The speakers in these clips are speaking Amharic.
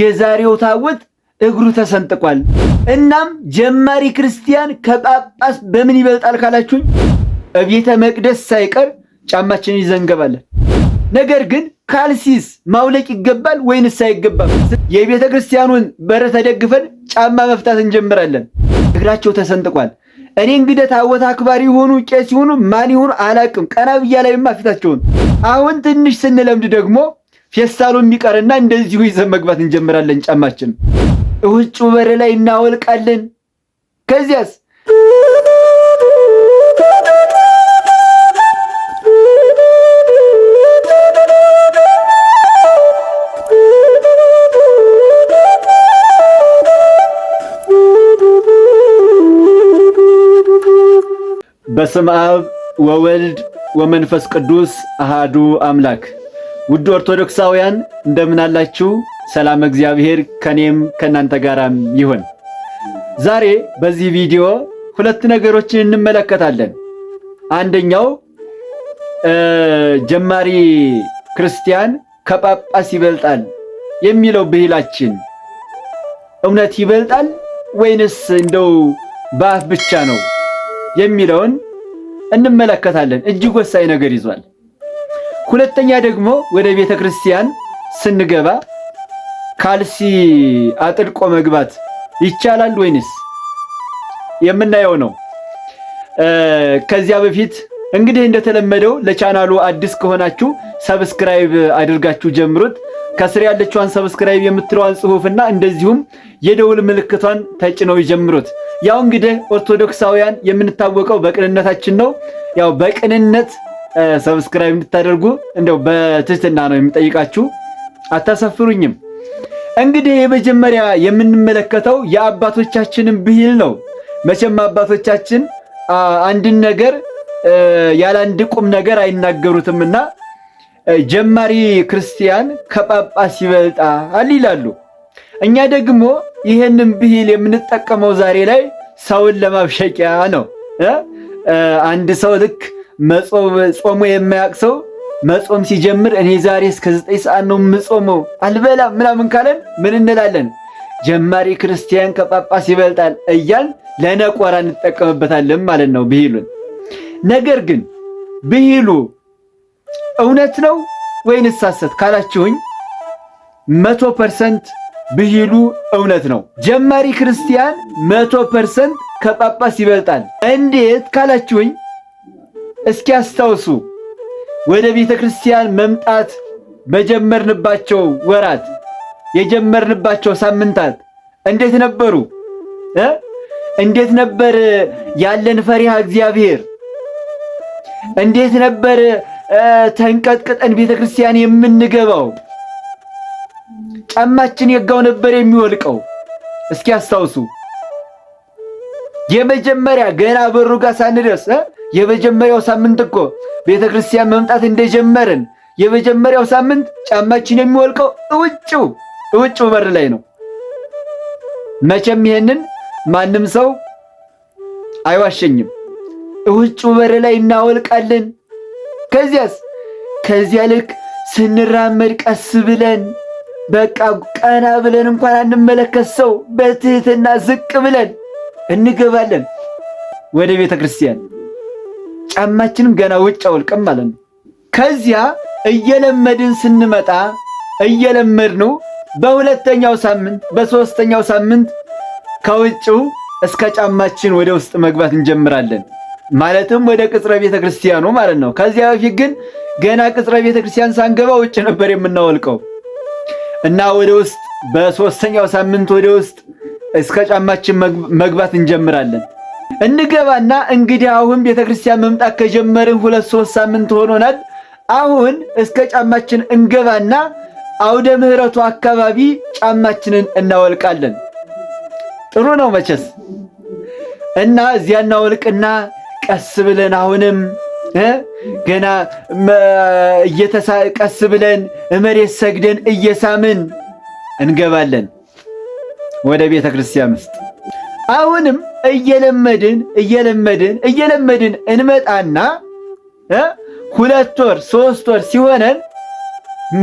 የዛሬው ታቦት እግሩ ተሰንጥቋል። እናም ጀማሪ ክርስቲያን ከጳጳስ በምን ይበልጣል ካላችሁኝ እቤተ መቅደስ ሳይቀር ጫማችን ይዘንገባለን። ነገር ግን ካልሲስ ማውለቅ ይገባል ወይንስ አይገባም? የቤተ ክርስቲያኑን በር ተደግፈን ጫማ መፍታት እንጀምራለን። እግራቸው ተሰንጥቋል። እኔ እንግዲህ ታቦት አክባሪ የሆኑ ቄስ ሲሆኑ ማን ይሆኑ አላቅም። ቀና ብያ ላይ ፊታቸውን አሁን ትንሽ ስንለምድ ደግሞ ፌስታሉ የሚቀርና እንደዚሁ ይዘን መግባት እንጀምራለን። ጫማችን ውጭ በር ላይ እናወልቃለን። ከዚያስ በስም አብ ወወልድ ወመንፈስ ቅዱስ አሃዱ አምላክ ውድ ኦርቶዶክሳውያን እንደምን አላችሁ? ሰላም እግዚአብሔር ከኔም ከእናንተ ጋራም ይሁን። ዛሬ በዚህ ቪዲዮ ሁለት ነገሮችን እንመለከታለን። አንደኛው ጀማሪ ክርስቲያን ከጳጳስ ይበልጣል የሚለው ብሂላችን እውነት ይበልጣል ወይንስ እንደው በአፍ ብቻ ነው የሚለውን እንመለከታለን። እጅግ ወሳኝ ነገር ይዟል። ሁለተኛ ደግሞ ወደ ቤተ ክርስቲያን ስንገባ ካልሲ አጥልቆ መግባት ይቻላል ወይንስ የምናየው ነው? ከዚያ በፊት እንግዲህ እንደተለመደው ለቻናሉ አዲስ ከሆናችሁ ሰብስክራይብ አድርጋችሁ ጀምሩት። ከስር ያለችዋን ሰብስክራይብ የምትለዋን ጽሑፍና እንደዚሁም የደውል ምልክቷን ተጭነው ይጀምሩት። ያው እንግዲህ ኦርቶዶክሳውያን የምንታወቀው በቅንነታችን ነው። ያው በቅንነት ሰብስክራይብ እንድታደርጉ እንደው በትህትና ነው የሚጠይቃችሁ። አታሳፍሩኝም። እንግዲህ የመጀመሪያ የምንመለከተው የአባቶቻችንን ብሂል ነው። መቼም አባቶቻችን አንድን ነገር ያለ አንድ ቁም ነገር አይናገሩትምና ጀማሪ ክርስቲያን ከጳጳስ ይበልጣል ይላሉ። እኛ ደግሞ ይህንን ብሂል የምንጠቀመው ዛሬ ላይ ሰውን ለማብሸቂያ ነው። አንድ ሰው ልክ ጾሞ የማያውቅ ሰው መጾም ሲጀምር እኔ ዛሬ እስከ ዘጠኝ ሰዓት ነው የምጾመው አልበላም ምናምን ካለን ምን እንላለን? ጀማሪ ክርስቲያን ከጳጳስ ይበልጣል እያል ለነቆራ እንጠቀምበታለን ማለት ነው ብሂሉን። ነገር ግን ብሂሉ እውነት ነው ወይን ሳሰት ካላችሁኝ መቶ ፐርሰንት ብሂሉ እውነት ነው። ጀማሪ ክርስቲያን መቶ ፐርሰንት ከጳጳስ ይበልጣል። እንዴት ካላችሁኝ እስኪያስታውሱ ወደ ቤተ ክርስቲያን መምጣት በጀመርንባቸው ወራት የጀመርንባቸው ሳምንታት እንዴት ነበሩ? እንዴት ነበር ያለን ፈሪሃ እግዚአብሔር? እንዴት ነበር ተንቀጥቅጠን ቤተ ክርስቲያን የምንገባው? ጫማችን የጋው ነበር የሚወልቀው። እስኪ አስታውሱ። የመጀመሪያ ገና በሩ ጋር ሳንደርስ የመጀመሪያው ሳምንት እኮ ቤተ ክርስቲያን መምጣት እንደጀመርን የመጀመሪያው ሳምንት ጫማችን የሚወልቀው እውጭው እውጭው በር ላይ ነው። መቼም ይሄንን ማንም ሰው አይዋሸኝም። እውጭው በር ላይ እናወልቃለን። ከዚያስ ከዚያ ልክ ስንራመድ ቀስ ብለን በቃ ቀና ብለን እንኳን አንመለከት ሰው በትህትና ዝቅ ብለን እንገባለን ወደ ቤተ ክርስቲያን። ጫማችንም ገና ውጭ አውልቅም ማለት ነው። ከዚያ እየለመድን ስንመጣ እየለመድ ነው። በሁለተኛው ሳምንት በሶስተኛው ሳምንት ከውጭው እስከ ጫማችን ወደ ውስጥ መግባት እንጀምራለን። ማለትም ወደ ቅጽረ ቤተ ክርስቲያኑ ማለት ነው። ከዚያ በፊት ግን ገና ቅጽረ ቤተ ክርስቲያን ሳንገባ ውጭ ነበር የምናወልቀው እና ወደ ውስጥ በሶስተኛው ሳምንት ወደ ውስጥ እስከ ጫማችን መግባት እንጀምራለን። እንገባና እንግዲህ አሁን ቤተ ክርስቲያን መምጣት ከጀመርን ሁለት ሶስት ሳምንት ሆኖናል። አሁን እስከ ጫማችን እንገባና አውደ ምሕረቱ አካባቢ ጫማችንን እናወልቃለን። ጥሩ ነው መቼስ እና እዚያ እናወልቅና ቀስ ብለን አሁንም ገና ቀስ ብለን መሬት ሰግደን እየሳምን እንገባለን ወደ ቤተ ክርስቲያን ውስጥ። አሁንም እየለመድን እየለመድን እየለመድን እንመጣና ሁለት ወር ሶስት ወር ሲሆነን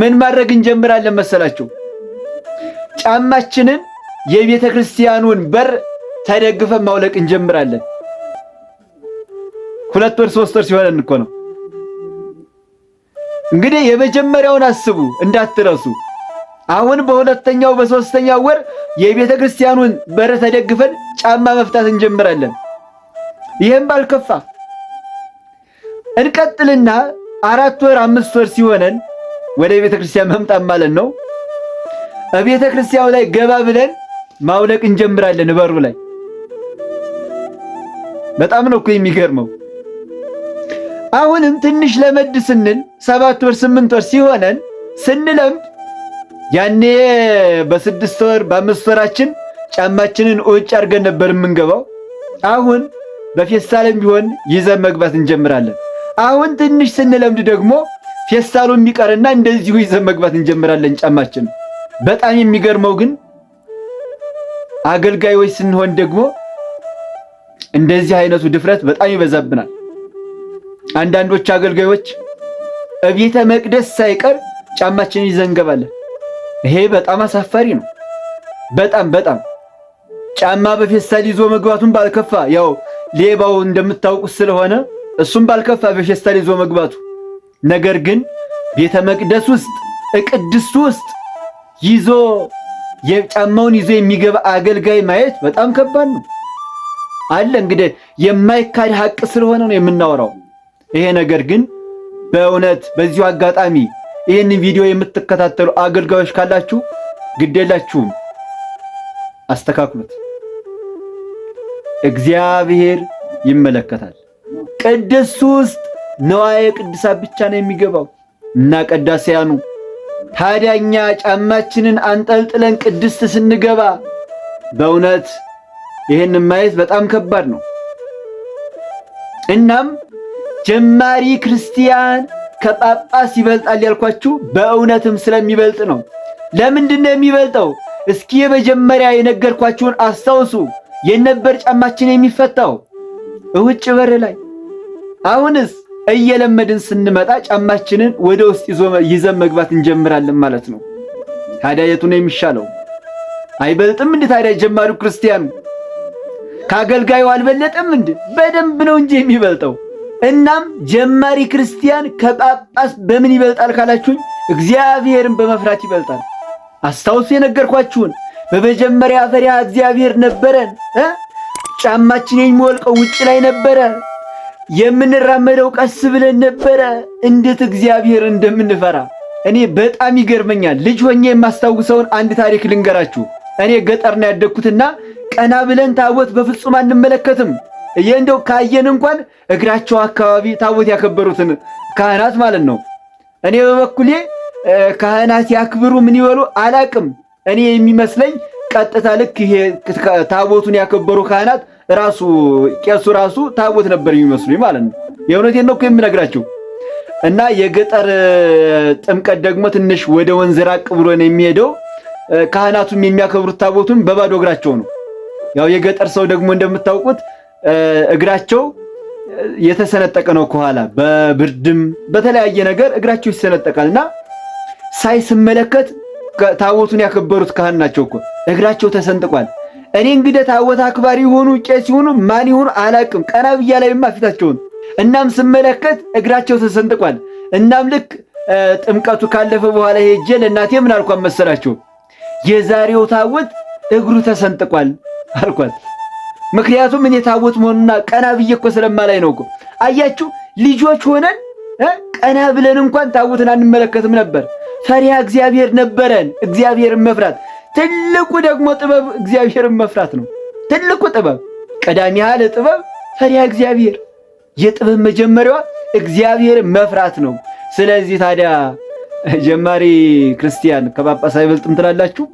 ምን ማድረግ እንጀምራለን መሰላችሁ? ጫማችንን የቤተ ክርስቲያኑን በር ተደግፈን ማውለቅ እንጀምራለን። ሁለት ወር ሶስት ወር ሲሆነን እኮ ነው። እንግዲህ የመጀመሪያውን አስቡ እንዳትረሱ። አሁን በሁለተኛው በሶስተኛው ወር የቤተ ክርስቲያኑን በር ተደግፈን ጫማ መፍታት እንጀምራለን። ይህም ባልከፋ እንቀጥልና አራት ወር አምስት ወር ሲሆነን ወደ ቤተ ክርስቲያን መምጣት ማለት ነው። ቤተ ክርስቲያኑ ላይ ገባ ብለን ማውለቅ እንጀምራለን። በሩ ላይ በጣም ነው እኮ የሚገርመው። አሁንም ትንሽ ለመድ ስንል ሰባት ወር ስምንት ወር ሲሆነን ስንለምድ ያኔ በስድስት ወር በአምስት ወራችን ጫማችንን ውጭ አድርገን ነበር የምንገባው። አሁን በፌስታልም ቢሆን ይዘን መግባት እንጀምራለን። አሁን ትንሽ ስንለምድ ደግሞ ፌስታሉ የሚቀርና እንደዚሁ ይዘን መግባት እንጀምራለን ጫማችን። በጣም የሚገርመው ግን አገልጋዮች ስንሆን ደግሞ እንደዚህ አይነቱ ድፍረት በጣም ይበዛብናል። አንዳንዶች አገልጋዮች እቤተ መቅደስ ሳይቀር ጫማችንን ይዘን እንገባለን። ይሄ በጣም አሳፋሪ ነው። በጣም በጣም ጫማ በፌስታል ይዞ መግባቱን ባልከፋ፣ ያው ሌባው እንደምታውቁት ስለሆነ እሱም ባልከፋ በፌስታል ይዞ መግባቱ። ነገር ግን ቤተ መቅደስ ውስጥ እቅድስት ውስጥ ይዞ የጫማውን ይዞ የሚገባ አገልጋይ ማየት በጣም ከባድ ነው። አለ እንግዲህ የማይካድ ሀቅ ስለሆነ ነው የምናወራው ይሄ ነገር። ግን በእውነት በዚሁ አጋጣሚ ይህን ቪዲዮ የምትከታተሉ አገልጋዮች ካላችሁ ግዴላችሁም አስተካክሉት። እግዚአብሔር ይመለከታል። ቅድስት ውስጥ ነዋየ ቅድሳት ብቻ ነው የሚገባው እና ቀዳሴያኑ ታዲያ እኛ ጫማችንን አንጠልጥለን ቅድስት ስንገባ በእውነት ይህን ማየት በጣም ከባድ ነው። እናም ጀማሪ ክርስቲያን ከጳጳስ ይበልጣል ያልኳችሁ በእውነትም ስለሚበልጥ ነው። ለምንድን ነው የሚበልጠው? እስኪ መጀመሪያ የነገርኳችሁን አስታውሱ። የነበር ጫማችን የሚፈታው እውጭ በር ላይ። አሁንስ እየለመድን ስንመጣ ጫማችንን ወደ ውስጥ ይዘን መግባት እንጀምራለን ማለት ነው። ታዲያ የቱ ነው የሚሻለው? አይበልጥም እንዴ? ታዲያ ጀማሪው ክርስቲያኑ ከአገልጋዩ አልበለጠም እንዴ? በደንብ ነው እንጂ የሚበልጠው። እናም ጀማሪ ክርስቲያን ከጳጳስ በምን ይበልጣል ካላችሁኝ፣ እግዚአብሔርን በመፍራት ይበልጣል። አስታውሱ የነገርኳችሁን በመጀመሪያ ፈሪሃ እግዚአብሔር ነበረን። ጫማችን የሚወልቀው ውጭ ላይ ነበረ። የምንራመደው ቀስ ብለን ነበረ። እንዴት እግዚአብሔር እንደምንፈራ እኔ በጣም ይገርመኛል። ልጅ ሆኜ የማስታውሰውን አንድ ታሪክ ልንገራችሁ። እኔ ገጠር ነው ያደግኩትና ቀና ብለን ታቦት በፍጹም አንመለከትም። እንደው ካየን እንኳን እግራቸው አካባቢ ታቦት ያከበሩትን ካህናት ማለት ነው። እኔ በበኩሌ ካህናት ያክብሩ ምን ይበሉ አላቅም እኔ የሚመስለኝ ቀጥታ ልክ ይሄ ታቦቱን ያከበሩ ካህናት ራሱ ቄሱ ራሱ ታቦት ነበር የሚመስሉኝ ማለት ነው። የእውነቴን ነው እኮ የምነግራቸው። እና የገጠር ጥምቀት ደግሞ ትንሽ ወደ ወንዝ ራቅ ብሎ ነው የሚሄደው። ካህናቱም የሚያከብሩት ታቦቱን በባዶ እግራቸው ነው። ያው የገጠር ሰው ደግሞ እንደምታውቁት እግራቸው የተሰነጠቀ ነው። ከኋላ በብርድም በተለያየ ነገር እግራቸው ይሰነጠቃል እና ሳይ ስመለከት ታቦቱን ያከበሩት ካህን ናቸው እኮ እግራቸው ተሰንጥቋል። እኔ እንግዲህ ታቦት አክባሪ የሆኑ ቄስ ሲሆኑ ማን ይሆኑ አላቅም። ቀና ብያ ላይ ፊታቸውን እናም ስመለከት እግራቸው ተሰንጥቋል። እናም ልክ ጥምቀቱ ካለፈ በኋላ ሄጄ ለእናቴ ምን አልኳ መሰላቸው? የዛሬው ታቦት እግሩ ተሰንጥቋል አልኳት። ምክንያቱም እኔ ታቦት መሆኑና ቀና ብዬ እኮ ስለማላይ ነው እኮ አያችሁ ልጆች ሆነን ቀና ብለን እንኳን ታቦትን አንመለከትም ነበር። ፈሪሃ እግዚአብሔር ነበረን። እግዚአብሔርን መፍራት ትልቁ ደግሞ ጥበብ እግዚአብሔርን መፍራት ነው። ትልቁ ጥበብ ቀዳሚ ያለ ጥበብ ፈሪሃ እግዚአብሔር፣ የጥበብ መጀመሪያዋ እግዚአብሔርን መፍራት ነው። ስለዚህ ታዲያ ጀማሪ ክርስቲያን ከጳጳስ አይበልጥም ትላላችሁ?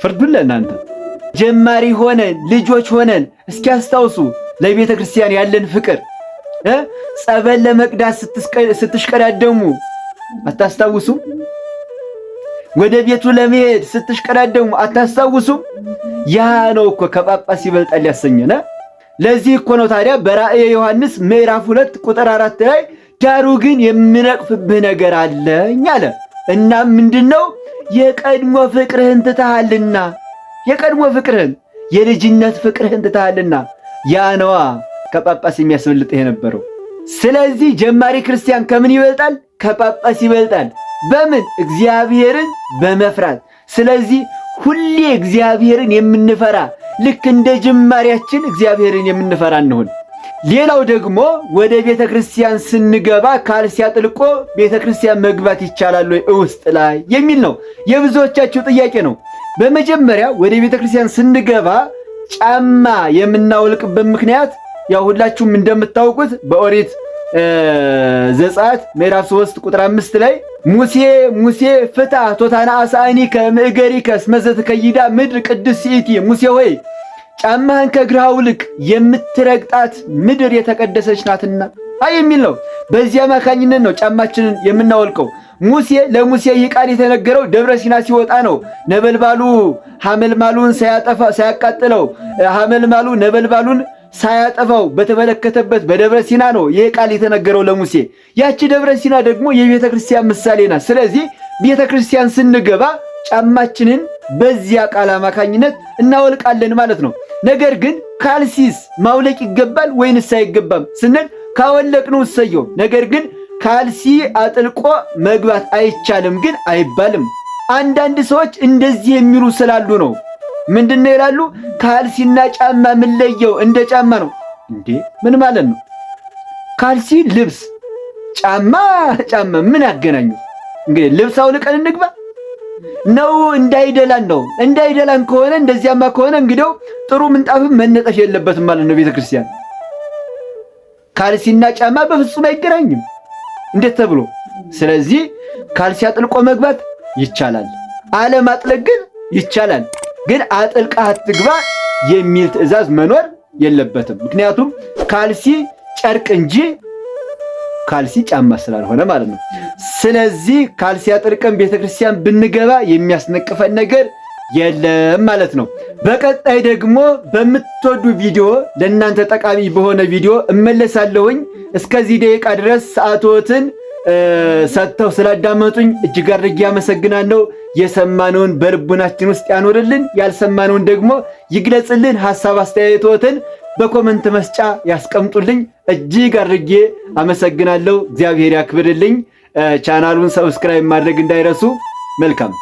ፍርዱን ለእናንተ። ጀማሪ ሆነን ልጆች ሆነን እስኪያስታውሱ ለቤተ ክርስቲያን ያለን ፍቅር ጸበል ለመቅዳት ስትሽቀዳደሙ አታስታውሱ? ወደ ቤቱ ለመሄድ ስትሽቀዳደሙ አታስታውሱ? ያ ነው እኮ ከጳጳስ ይበልጣል ያሰኘን። ለዚህ እኮ ነው ታዲያ በራእየ ዮሐንስ ምዕራፍ ሁለት ቁጥር አራት ላይ ዳሩ ግን የምነቅፍብህ ነገር አለኝ አለ። እናም ምንድን ነው? የቀድሞ ፍቅርህን ትተሃልና፣ የቀድሞ ፍቅርህን የልጅነት ፍቅርህን ትተሃልና። ያ ነዋ ከጳጳስ ይሄ የነበረው። ስለዚህ ጀማሪ ክርስቲያን ከምን ይበልጣል? ከጳጳስ ይበልጣል። በምን? እግዚአብሔርን በመፍራት። ስለዚህ ሁሌ እግዚአብሔርን የምንፈራ ልክ እንደ ጅማሪያችን እግዚአብሔርን የምንፈራ እንሆን። ሌላው ደግሞ ወደ ቤተ ክርስቲያን ስንገባ ካልሲ አጥልቆ ቤተ ክርስቲያን መግባት ይቻላል ወይ ውስጥ ላይ የሚል ነው፣ የብዙዎቻችሁ ጥያቄ ነው። በመጀመሪያ ወደ ቤተ ክርስቲያን ስንገባ ጫማ የምናወልቅበት ምክንያት ያው ሁላችሁም እንደምታውቁት በኦሪት ዘጸአት ምዕራፍ 3 ቁጥር 5 ላይ ሙሴ ሙሴ ፍታ ቶታና አሳኒ ከምእገሪ ከስመዘት ከይዳ ምድር ቅዱስ ሲእቲ ሙሴ ሆይ ጫማህን ከእግርህ አውልቅ የምትረግጣት ምድር የተቀደሰች ናትና አይ የሚል ነው። በዚህ አማካኝነት ነው ጫማችንን የምናወልቀው። ሙሴ ለሙሴ ይህ ቃል የተነገረው ደብረ ሲና ሲወጣ ነው። ነበልባሉ ሐመልማሉን ሳያጠፋ ሳያቃጥለው ሐመልማሉ ነበልባሉን ሳያጠፋው በተመለከተበት በደብረ ሲና ነው ይህ ቃል የተነገረው ለሙሴ። ያቺ ደብረ ሲና ደግሞ የቤተ ክርስቲያን ምሳሌ ናት። ስለዚህ ቤተ ክርስቲያን ስንገባ ጫማችንን በዚያ ቃል አማካኝነት እናወልቃለን ማለት ነው። ነገር ግን ካልሲስ ማውለቅ ይገባል ወይንስ አይገባም ስንል ካወለቅ ነው እሰየው። ነገር ግን ካልሲ አጥልቆ መግባት አይቻልም ግን አይባልም። አንዳንድ ሰዎች እንደዚህ የሚሉ ስላሉ ነው ምንድነው ይላሉ? ካልሲና ጫማ ምንለየው እንደ ጫማ ነው እንዴ? ምን ማለት ነው? ካልሲ ልብስ፣ ጫማ ጫማ ምን አገናኙ? እንግዲህ ልብስ አውልቀን እንግባ ነው እንዳይደላን ነው። እንዳይደላን ከሆነ እንደዚያማ ከሆነ እንግዲው ጥሩ ምንጣፍም መነጠፍ የለበትም ማለት ነው። ቤተክርስቲያን ካልሲና ጫማ በፍጹም አይገናኝም። እንዴት ተብሎ? ስለዚህ ካልሲ አጥልቆ መግባት ይቻላል፣ አለማጥለቅ ግን ይቻላል። ግን አጥልቀህ አትግባ የሚል ትዕዛዝ መኖር የለበትም። ምክንያቱም ካልሲ ጨርቅ እንጂ ካልሲ ጫማ ስላልሆነ ማለት ነው። ስለዚህ ካልሲ አጥልቀን ቤተክርስቲያን ብንገባ የሚያስነቅፈን ነገር የለም ማለት ነው። በቀጣይ ደግሞ በምትወዱ ቪዲዮ ለእናንተ ጠቃሚ በሆነ ቪዲዮ እመለሳለሁኝ። እስከዚህ ደቂቃ ድረስ ሰዓትዎትን ሰጥተው ስላዳመጡኝ እጅግ አድርጌ አመሰግናለሁ። የሰማነውን በልቡናችን ውስጥ ያኖርልን፣ ያልሰማነውን ደግሞ ይግለጽልን። ሐሳብ አስተያየቶትን በኮመንት መስጫ ያስቀምጡልኝ። እጅግ አድርጌ አመሰግናለሁ። እግዚአብሔር ያክብርልኝ። ቻናሉን ሰብስክራይብ ማድረግ እንዳይረሱ። መልካም